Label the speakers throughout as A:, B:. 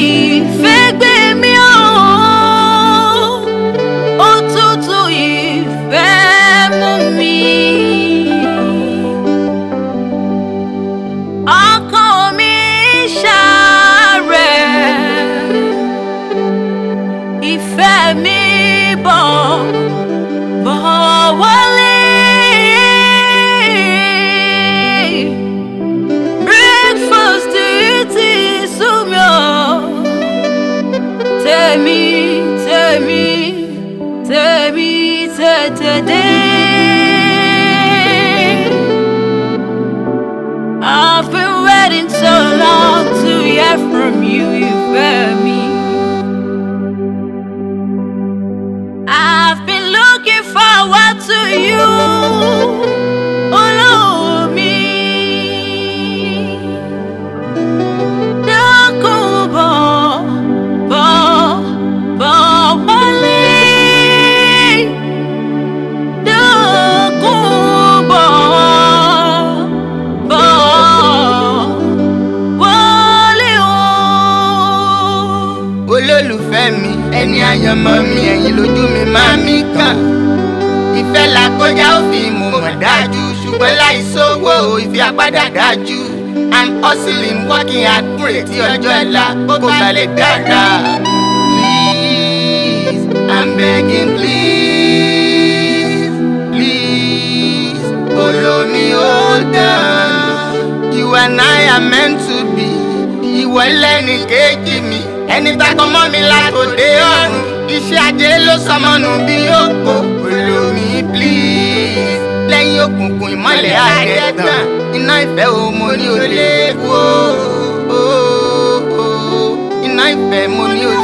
A: life. you, you.
B: sí ọjọ́ ńlá kó balẹ̀ dáadáa. Please, I'm begging
A: please, please,
B: Olomi hold down. You and I are meant to be. Ìwọ lẹ́ni kejì mi. Ẹni takọ mọ́ mi látòdé ọ̀run. Iṣẹ́ ajé ló sọmọ nù bí òkò. Olomi please, lẹ́yìn òkùnkùn ìmọ́lẹ̀ àjẹtàn. Iná ìfẹ́ o mo ní olè kú o. I'm on òjò.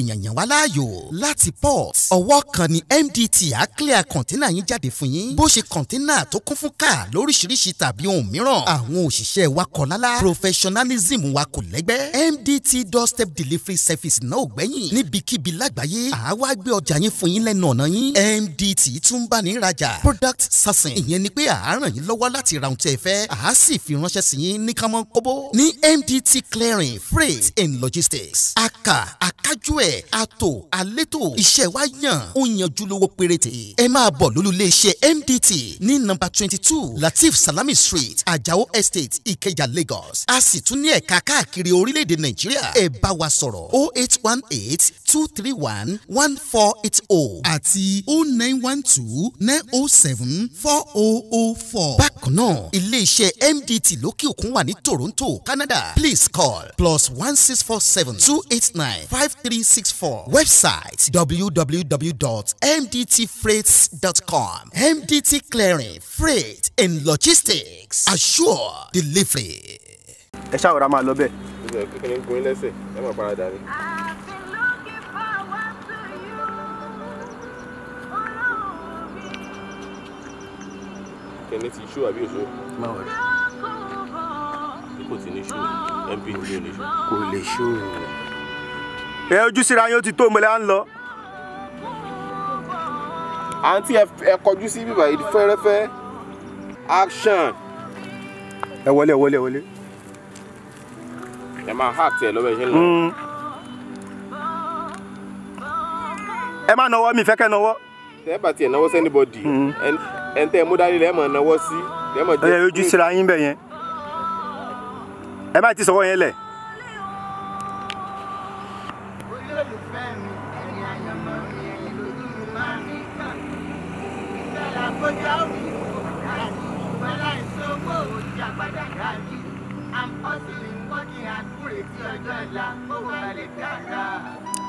C: èèyàn yàn wá láàyò láti port ọwọ́ kan ni MDT á clear kọ̀ńténà yín jáde fún yín bó ṣe kọ̀ńténà tó kún fún káà lóríṣiríṣi tàbí ohun mìíràn àwọn òṣìṣẹ́ wa kọ̀ lálá professionalism wa kò lẹ́gbẹ́ MDT doorstep delivery service náà ò gbẹ́yìn níbikíbi lágbàáyé àwa gbé ọjà yín fún yín lẹ́nu ọ̀nà yín MDT tún bá ní ìrajà product sourcing ìyẹn ni pé à á ràn yín lọ́wọ́ láti ra ohun tí ẹ fẹ́ à á sì fi ránṣẹ́ sí yín ní kánmọ́ kóbó ní MDT clearing freight and logistics aka akájú ẹ̀ àtò àlétò iṣẹ́ wa yàn ó yanjú lówó péréte ẹ máa bọ̀ lólulẹ̀ iṣẹ́ MDT ní nọ́mbà twenty two Latif Salami Street Ajao Estate Ikeja Lagos a sì tún ní ẹ̀ka káàkiri orílẹ̀-èdè Nàìjíríà ẹ bá wa sọ̀rọ̀ o oh eight one eight two three one one four eight o oh àti o oh nine one two nine o seven four o o four. bákan náà ilé MDT lókè òkun wà ní Toronto Canada please call plus one six four seven two eight nine five three 964. Website www.mdtfreights.com. MDT Clearing, Freight and Logistics. Assure delivery.
D: Ẹ
E: ṣáà rà máa lọ bẹ́ẹ̀. Kíkìnní ń gun yín lẹ́sẹ̀, ẹ máa para dàní. Kẹ́ni ti ṣó àbí òṣó? Máa wọ̀ rẹ̀. Kò tí ní ṣó, MP ní ṣó. Kò lè ṣó o ẹ ojú síra yín ó ti tó mọ́lẹ́ à ń lọ. àǹtí ẹ kọjú sí bíbá yìí fẹ́rẹ́fẹ́ action.
D: ẹ wọlé ẹ wọlé ẹ wọlé.
E: ẹ máa hà tiẹ̀ lọ́wọ́ ẹ ṣe ń lọ. Hmm. ẹ má nọwọ́ mi fẹ́ kẹ́ nọwọ́. tẹ́ bá tiẹ̀ náwó sẹ́nibọ̀dì ẹ̀ ń tẹ́ mú dání lẹ́ẹ̀mọ̀ náwó sí. ẹ ojú síra yín bẹ̀ yẹn ẹ má ti sọ̀wọ́ yẹn lẹ̀.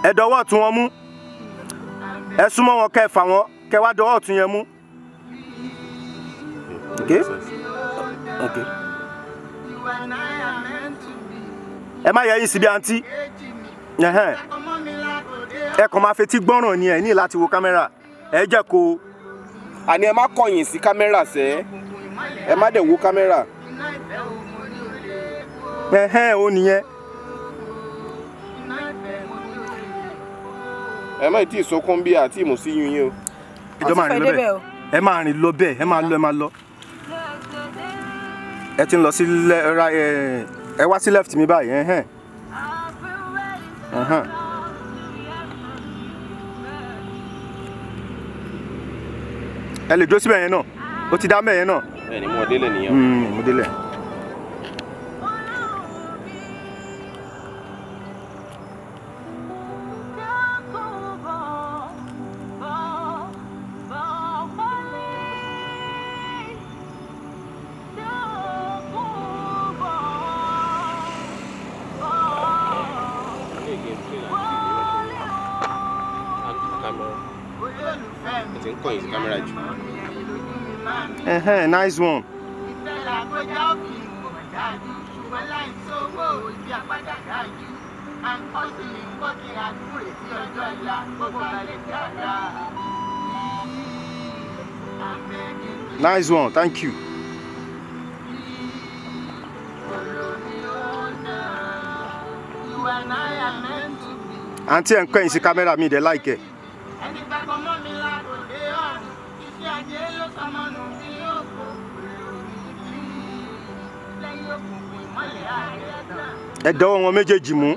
E: ẹ dọwọ́ ọ̀tún wọn mú ẹ súnmọ́ wọn kẹ́ ẹ fà wá dọwọ́ ọ̀tún yẹn mú. Okay. Okay. ẹ má yẹ yín síbi àǹtí ẹ kàn máa fetí gbọ́ràn ni ẹ ní láti wo kámẹ́rà ẹ jẹ́ kó. àní ẹ má kọ̀yìn sí kámẹ́rà sẹ́ ẹ má dẹ̀ wo kámẹ́rà. ẹ̀hẹ́n o nìyẹn ẹ má tí ì sọkún bí àti ìmùsí yín yín o.
A: ìjọba rìn lọ bẹ́ẹ̀
E: ẹ máa rìn lọ bẹ́ẹ̀ ẹ máa lọ ẹ máa lọ ẹ ti ń lọ sí ẹ wá sí left mi báyìí ẹhẹn ẹhẹn. ẹ lè dúró síbẹ̀ yẹn náà ó ti dá mẹ́ẹ̀ yẹn náà. bẹ́ẹ̀ ni mo délẹ̀ nìyẹn. Hmm, mo délẹ̀. kàn yín kámẹ́rà jù. nice one. Nice one, thank you. àǹtí ẹ̀ ń kẹ́yìn sí kámẹ́rà mi dẹ̀ láìkẹ́.
B: ẹni ọmọnù tí yóò kó lórí bí lẹ́yìn òkùnkùn
A: ìmọ́lẹ̀ ààrẹ
E: tán. wọn méjèèjì mú.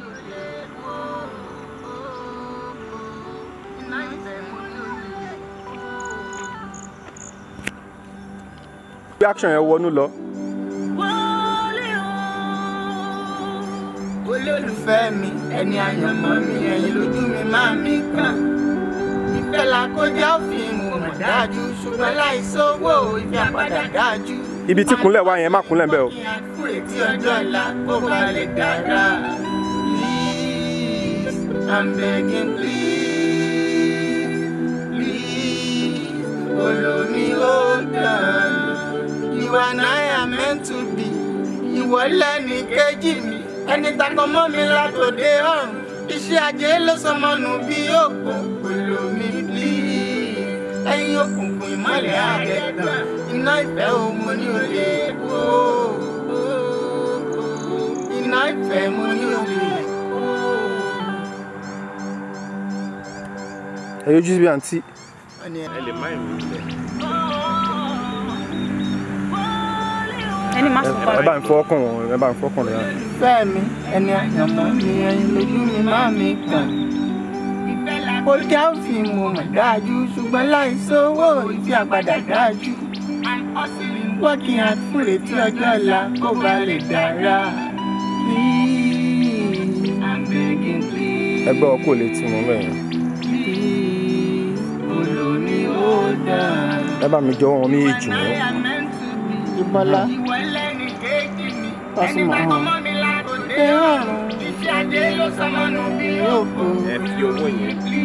E: bí action yẹn wọnú lọ.
B: olólùfẹ́ mi ẹni àyànmọ́ mi ẹ̀yìn lójú mi máa mi kàn ìfẹ́ làkọjá òfin dájú ṣùgbọ́n láì ìfẹ́ àpàdà dájú.
E: ibi tí kúnlẹ̀ wá yẹn má kúnlẹ̀ bẹ́ẹ̀ o.
B: ìrètí ọjọ́ ìlà kó má lè dára please i'm begging please please olomi ó dàn you and I are meant to be ìwọ lẹ́ni kejì mi ẹni takọ mọ́ mi látòdé ọ̀run iṣẹ́ ajé ló sọmọnù bí òkú òkùnkùn ìmọ̀lẹ̀ àjẹgbọ̀n iná ìfẹ́ omo ní olè wó iná ìfẹ́ mo ní olè wó.
E: ẹ yóò jíjí bí àǹtí.
A: ẹni má sọ pa ẹ bá
E: ń fọkàn wọn ẹ bá ń fọkàn rẹ.
B: fẹ́ẹ̀mi ẹni àyànmọ́ ni ẹyin lójú mi máa mi kàn. Àpótí àfin mo mọ̀ dájú ṣùgbọ́n láìsówó ìdí àpadà dájú. Wọ́n kì í àtúntò ọjọ́ ọ̀la kó ba lè dára.
E: Ẹgbẹ́ ọkọ̀ lè
D: ti mú mẹ́rin. Ẹ bá mi jọ wọn ní ìjì mọ́. Ìbọ́lá. Pásímọ̀
B: ọ̀hún. Ẹ rọrùn.
A: Ẹ fi
E: owó yẹn.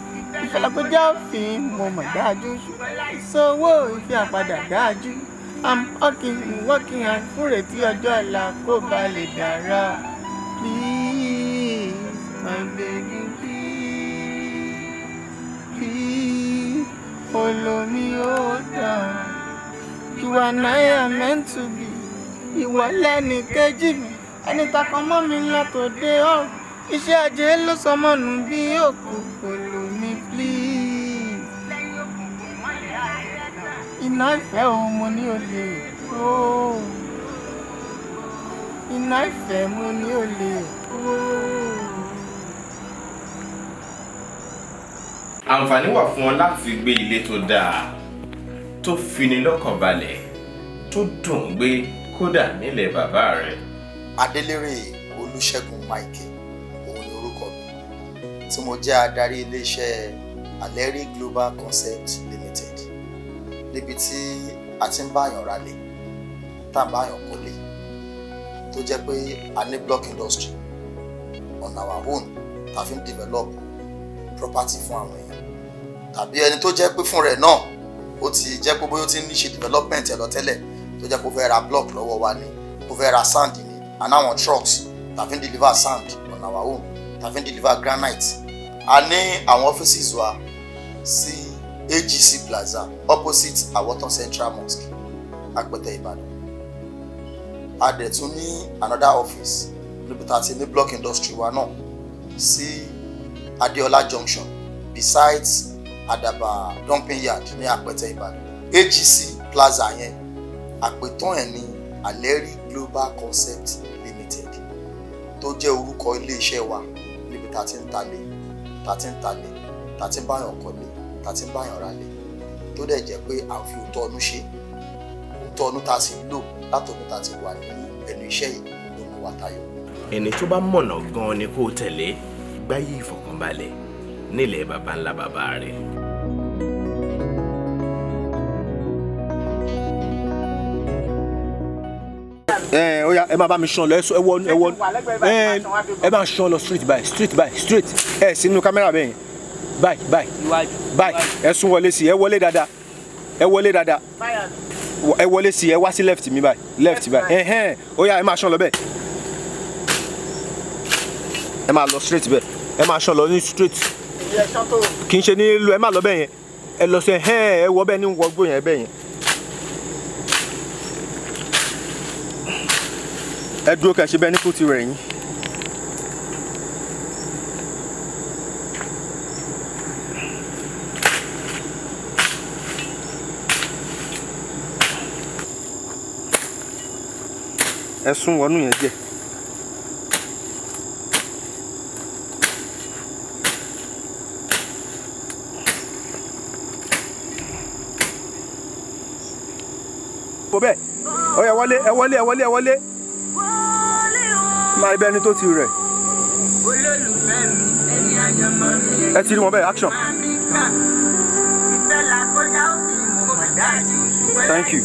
B: ìfàkójá òfin mo mọ̀ dájú sowó ìfi àpadà dájú i'm working i'm working and fúrètí ọjọ́ ọ̀la kó ba lè dára please my baby please please olomi ó dàn
A: you are meant
B: to be ìwọ lẹ́ni kejì mi ẹni takọ mọ́ mi látòdé ọ̀run iṣẹ́ ajé ló sọ mọ́nu bí òkú pẹ̀lú. iná ìfẹ́ òun mo ní olè ooo iná ìfẹ́ mo ní olè ooo.
E: àǹfààní wà fún ọ láti gbé ilé tó dáa tó fini lọ́kàn balẹ̀ tó dùn gbé kódà nílẹ̀ bàbá rẹ̀. adélérè
D: olúṣẹ́gun mike òun ni orúkọ mi tí mo jẹ́ adarí iléeṣẹ́ aleri global concept níbi tí a ti ń báyàn ralẹ̀ tá a báyàn kọ́lé tó jẹ́ pé a ní block industry on our own tá fi ń develop property fún àwọn èèyàn tàbí ẹni tó jẹ́ pé fún rẹ̀ náà ó ti jẹ́ pé bóyá ó ti ń ṣe development ẹ̀ lọ tẹ́lẹ̀ tó jẹ́ kó fẹ́ ra block lọ́wọ́ wa ni kó fẹ́ ra sand ni and àwọn trucks tá fi ń deliver sand on our own tá fi ń deliver granite a ní àwọn offices wa sí. Si AGC Plaza opposite Awotan Central Mosque Apẹtẹ Ìbàdàn a dẹ̀ tún ní another office níbi tá a ti block industry wa náà sí Adeola Junction besides Adaba dumping yard ní Apẹtẹ Ìbàdàn AGC Plaza yẹn àpètàn ẹ̀ ni Aleri Global Concept Limited tó jẹ́ orúkọ iléeṣẹ́ wa níbi tá a ti ń talé tá a ti ń talé tá ń báyọ̀ kọ́lé tá a ti ń báyàn ra lẹ̀ tó dẹ̀ jẹ́ pé à ń fi òótọ́ ọdún ṣe òótọ́ ọdún tá a sì lò látọdún tá a ti wà nínú ẹnu iṣẹ́ yìí ló mú wa tayọ.
E: ẹni tó bá mọ̀nà gan-an ni kó tẹ̀lé gbáyé ìfọ̀kànbalẹ̀ nílẹ̀ baba ńlá baba rẹ̀. ẹ ó yá ẹ máa bá mi ṣan lọ ẹ wọ ẹ wọ ẹ bá ṣan lọ street by street by street ẹ sínú kámẹ́rà bẹ́ẹ̀ yẹn báyìí báyìí báyìí ẹ sún wọlé sí ẹ wọlé dáadáa ẹ wọlé dáadáa ẹ wọlé si ẹ wá sí left mi báyìí left báyìí ẹhẹn ó yá ẹ máa ṣan lọ bẹ́ẹ̀ ẹ máa lọ straight bẹ́ẹ̀ ẹ máa ṣan lọ ní straight kì í ṣe ní lu ẹ máa lọ bẹ́ẹ̀ yẹn ẹ lọ sí ẹhẹn ẹ wọ bẹ́ẹ̀ ní wọgbó yẹn bẹ́ẹ̀ yẹn. ẹ dúró kẹ́ ṣe bẹ́ẹ̀ ní kó ti rẹ̀ yín. ẹ̀sùn wọnú yẹn díẹ̀. kò bẹ́ẹ̀ ó yá wọlé ẹ wọlé ẹ wọlé ẹ wọlé máa ibẹ̀ ẹni tó ti rẹ̀.
B: olólùfẹ́ ẹ ti rí wọn bẹ́ẹ̀ action. thank you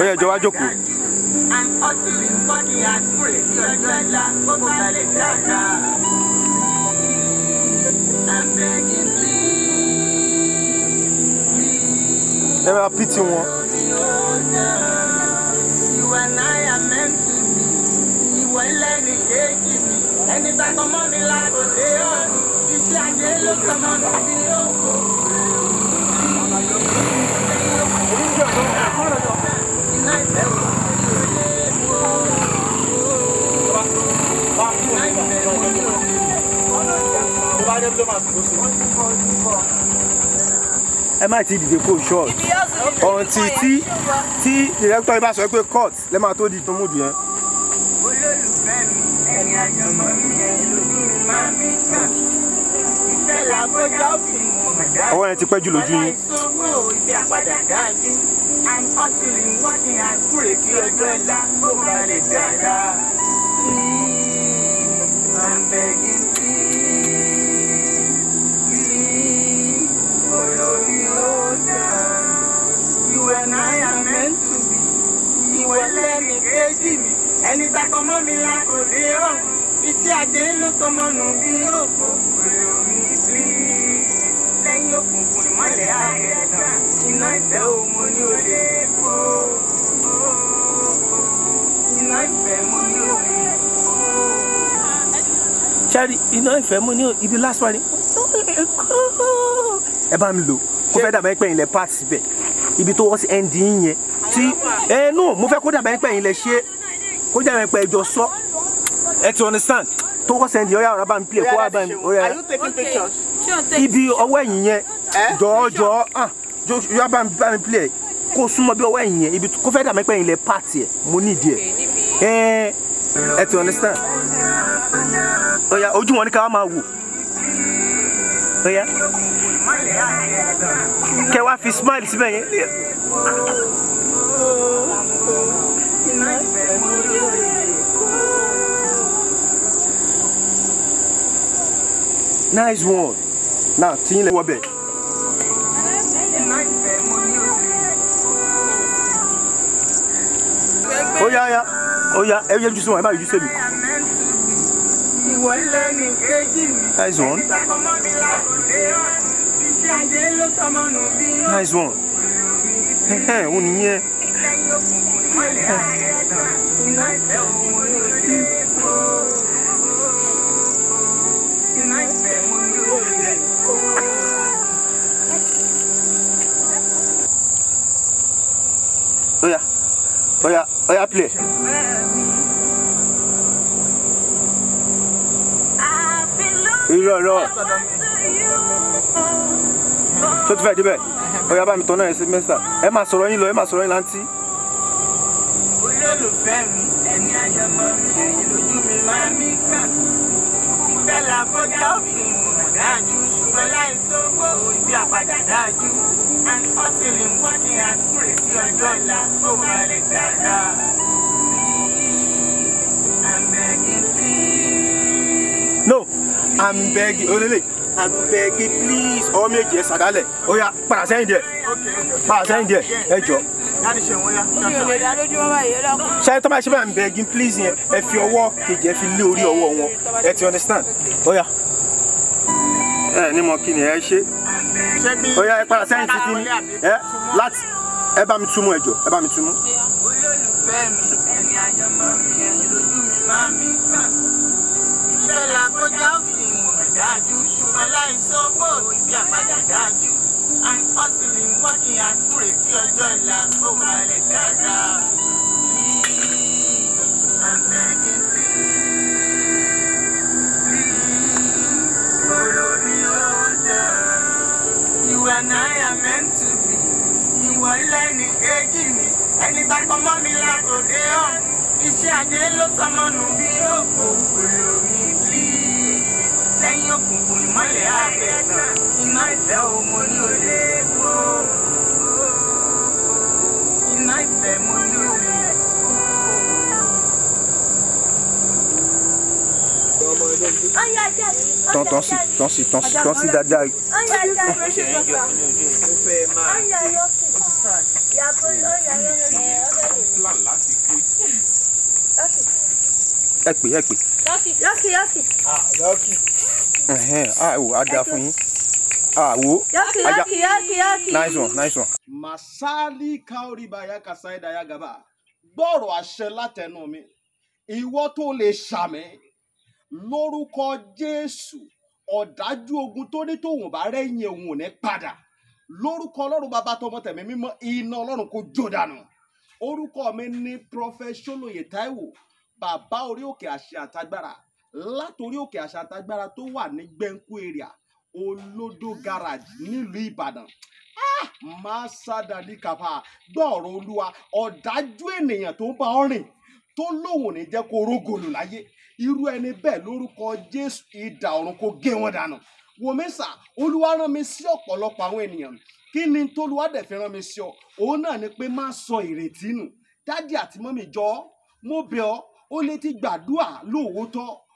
B: ó yá jọ wá jókòó. and utterly please.
E: pity one.
B: You and I are meant to be. You will let me take me. And if I come on the you see, I get look Thank you.
E: ẹ má ti dìde kó short ọ̀ǹtì tí tí director bá sọ pé court lẹ́ máa tó di tó mú dìé.
B: olólùfẹ́ mi ẹni àjọmọ́ mi ẹni lójú mi máa ń bí kà ìfẹ́ làbójá òfin mọ̀dá. ọwọ́ yẹn ti pẹ́ jù lójú yín. ọlọ́ìṣòwò ìdí apádà dáadé i'm hustling working and pray kí ọjọ́ ìlà kó máa lè dáadáa. I'm begging. lẹ́ni kejì mi ẹni tako mọ́ mi la kò dé rọ̀ iṣẹ́ àjẹ́ ló sọ mọ́ nù bí òkò olómi bí lẹ́yìn òkùnkùn ìmọ̀lẹ̀ àgẹ̀tàn iná ìfẹ́ o mo ní o lè kó iná ìfẹ́ mo ní o lè kó.
E: sari iná ìfẹ́ mo ní ibi last one ẹ bá mi lò ó fẹ́ dàbẹ́ pẹ́yìn lẹ́ pàtì síbẹ̀ ibi tó wọ́n sí ẹ̀ ń dín yẹn tí ẹnu mo fẹ́ kó dàbẹ́ pẹ́ yín lẹ ṣe kó dàbẹ́ pẹ́ ẹjọ́ sọ ẹ ti understand tó kọ́ sẹ́ndì ọ̀yà ọ̀rá bá mi play kó wá bá mi ọ̀yà ibi ọwọ́ ẹ̀yìn yẹn jọ̀ọ́ jọ̀ọ́ yóò bá mi bá mi play kó súnmọ́ bí ọwọ́ ẹ̀yìn yẹn ibi kó fẹ́ dàbẹ́ pẹ́ yín lẹ pààtì ẹ̀ mo nídìí ẹ̀ ẹ ti understand ọ̀yà ojú wọn ni ká máa wò ọ̀yà kẹ wá fi smile síbẹ̀ yẹn. Nice one. Now, see you later. Oh yeah, yeah. Oh yeah. Every ẹ yẹ jùsùn wọn ẹ Nice one. Nice one. Ẹ̀hẹ̀ òun
B: nìyẹn. Oya,
D: oya, oya play.
A: Irọ́ irọ́.
E: Ṣé o ti fẹ́ débẹ̀? Oya bá mi tọ́ náà ẹ sí mẹ́sà. Ẹ máa sọ̀rọ̀ yín lọ, ẹ máa sọ̀rọ̀ yín láǹtí
B: rẹ́rìn ẹni àyànmọ́ mi ẹ̀yìn lójú mi máa mí kàn. ìfẹ́ la fọ́jà òfin ìmọ̀ dájú ṣùgbọ́n láì sówó ibi àpàdà dájú. and hustling working and kúrèsí ọjọ́ ọ̀la ó máa lè dára. please I'm begging
E: please. no I'm begging olele. Oh, abẹ́gi please ọmọ èjì ẹ sàdálẹ̀ ó yá padà sẹ́yìn díẹ̀ padà sẹ́yìn ṣáyé tó máa ṣe bá ń bẹ gín please yẹn ẹ fi ọwọ́ kejì ẹ fi lé orí ọwọ́ wọn ẹ ti understand ọ̀yà. ẹ ní mọ kí ni ẹ ṣe ọ̀yà ẹ padà sẹ́yìn títí ẹ láti ẹ bá mi túmú ẹ ẹ bá mi túmú.
B: ìfẹ́ làkọjá òfin ìmọ̀ dájú ṣùgbọ́n láìsọ bóòlù ìjà padà dájú. I'm hustling, working hard fún retí ọjọ́ ìlà kó máa lè dára. Please, I'm begging please, please, follow me order. You and I are meant to be. Ìwọ lẹ́ni kejì mi, ẹni bá pamọ́ mi látòdé ọ̀hún. Iṣẹ́ ajé ló sọmọ́nù bí yóò kó olórí òkùnkùn ìmọ̀lẹ̀ àgbẹ̀tàn iná ìfẹ́ ọmọ ní olè kó. iná ìfẹ́ mo ní olè kó.
A: tọ́ntọ́n sí tọ́n sí tọ́n sí tọ́n sí dáadáa.
E: ẹ pè ẹ pè. lọ́kì lọ́kì lọ́kì. ah lọ́kì àwò á da fún yín àwò ajá nice one nice one. masali kaori baya kasai daya gaba gbọ́rọ̀ àṣẹ látẹnu mi ìwọ tó lè ṣàmì lórúkọ jésù ọ̀dájú ogun tó ní tòun bá rẹ́yìn òun ní padà lórúkọ ọlọ́run bàbá tọmọ tẹ̀mí mímọ́ iná ọlọ́run kò jó dànù orúkọ mi ní prọfẹsọlóye táíwò bàbá orí òkè àṣẹ àtagbára látòrí òkè àṣà àtagbára tó wà ní gbẹ̀ǹkú area olódó garage nílùú ìbàdàn ah! máa sádàdí kàfà gbọ́ ọ̀rọ̀ olúwa ọ̀dájú ènìyàn tó ń bá ọ rìn tó lóun ò ní jẹ́ kó rógòlù láyé irú ẹni bẹ́ẹ̀ lórúkọ jésù idà ọ̀run kó gé wọn dànù wòmísà olúwa rán mi sí ọ̀pọ̀lọpọ̀ àwọn ènìyàn kí ni tolúwa dẹ̀ fi rán mi sí ọ òun náà ni pé má sọ ìrètí nù dádì àti mọ́mì jọ mo bẹ̀ ọ́ ó lè ti gbàdúrà lóòótọ́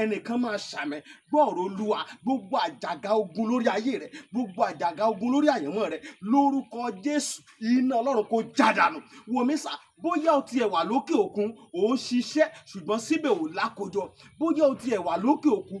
E: ẹnìkan máa ṣàmẹ gbọ́ọ̀rọ̀ olúwa gbogbo àjàgà ogun lórí ayé rẹ gbogbo àjàgà ogun lórí àyànmọ́ rẹ lórúkọ jésù iná ọlọ́run kò jádànù wòmísà bóyá o tiẹ̀ wà lókè òkun ò ń ṣiṣẹ́ ṣùgbọ́n síbẹ̀ ò lákojọ bóyá o tiẹ̀ wà lókè òkun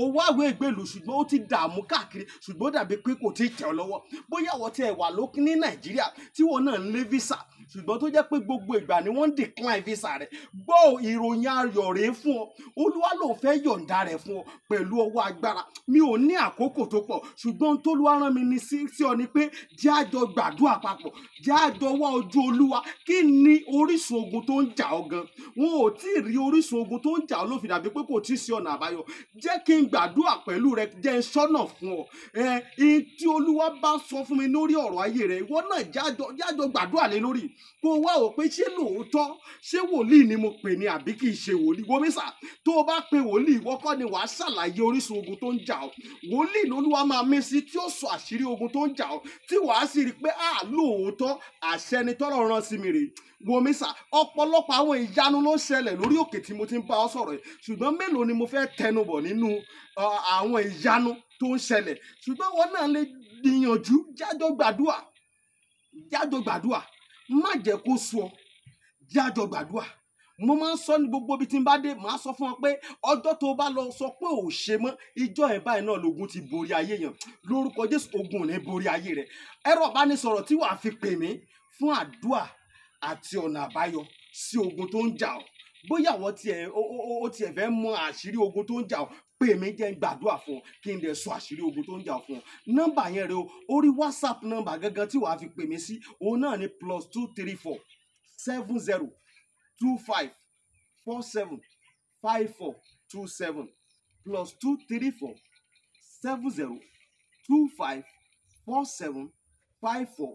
E: ò wáwé ìgbèlú ṣùgbọ́n ó ti dààmú káàkiri ṣùgbọ́n dàbí pé kò ti tẹ̀ ọ́ lọ́wọ́ bóyá o tiẹ̀ wà lókè ní nàìjíríà tí wọn náà ń lé visa ṣùgbọ́n tó jẹ́ pé gbogbo ìgbà ni wọ́n ń decline visa rẹ̀ gbọ́ ìròyìn ayọ̀ rẹ̀ fún ọ olúwa ló fẹ́ yọ̀ǹda rẹ̀ fún ọ pẹ̀lú ọwọ́ agbára mi ò ní àkókò tó pọ̀ ṣùgbọ́n tólúwa rán mi ní sí ọ ni pé jẹ́ àjọ gbàdúrà papọ̀ jẹ́ àjọ wá ojú olúwa kí ni orísun ogun tó ń jà ọ gan wọn ò tí ì rí orísun ogun tó ń jà ọ ló fi pé kò tí ì sí ọ̀nà àbáyọ jẹ́ kí n gbàdúrà pẹ̀lú rẹ jẹ́ n sọ́nà fún ọ ẹ̀ ẹ̀ tí olúwa bá sọ fún mi lórí ọ̀rọ̀ ayé rẹ ìwọ náà jájọ jájọ gbàdúrà lé lórí kó wá wò pé ṣé lóòótọ́ ṣé wòlíì ni mo pè ní àbí kì í ṣe wòlíì wo mísà tó o bá pe wòlíì ìwọ ni wàá ṣàlàyé orísun ogun tó ń jà ọ́ wòlíì lolúwa máa mí sí tí ó sọ àṣírí ogun tó ń jà ọ́ tí wàá sì rí i pé a lóòótọ́ àṣẹ ni sí mi rèé wo mísà ọ̀pọ̀lọpọ̀ àwọn ìyanu ló ń ṣẹlẹ̀ lórí òkè tí mo ti ń bá ọ sọ̀rọ̀ yìí ṣùgbọ́n mélòó ni mo fẹ́ tẹnubọ̀ nínú àwọn ìyanu tó ń ṣẹlẹ̀ ṣùgbọ́n wọn náà lè gbìyànjú jájọ́ gbàdúà jájọ́ gbàdúà má jẹ́ kó sùn ọ́ jájọ gbàdúrà mo máa ń sọ ní gbogbo ibi tí n bá dé màá sọ fún ọ pé ọjọ́ tó o bá lọ sọ pé ò ṣe mọ́ ìjọ ẹ̀ báyìí náà lògùn ti borí ayé yẹn lórúkọ jésù ogun ní borí ayé rẹ ẹ̀rọ ìbánisọ̀rọ̀ tí wàá fi pè mí fún àdúà àti ọ̀nà àbáyọ sí ogun tó ń jà ọ́ bóyá àwọn tiẹ̀ ó tiẹ̀ fẹ́ mọ àṣírí ogun tó ń jà pé mi jẹ́ ń gbàdúrà fún ọ kí n dẹ̀ sọ àṣírí ogun tó ń jà fún ọ nọ́mbà yẹn rẹ o orí whatsapp nọ́mbà gangan tí wàá fi pè mí sí òun náà ni plus two three four seven zero two five four seven five four two seven plus two three four seven zero two five four seven five four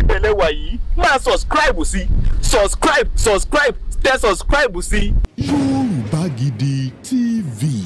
E: ibẹ̀ lẹ́wà yìí máa subscribe sí subscribe subscribe tẹ subscribe sí.
A: Yorùbá Gidi TV.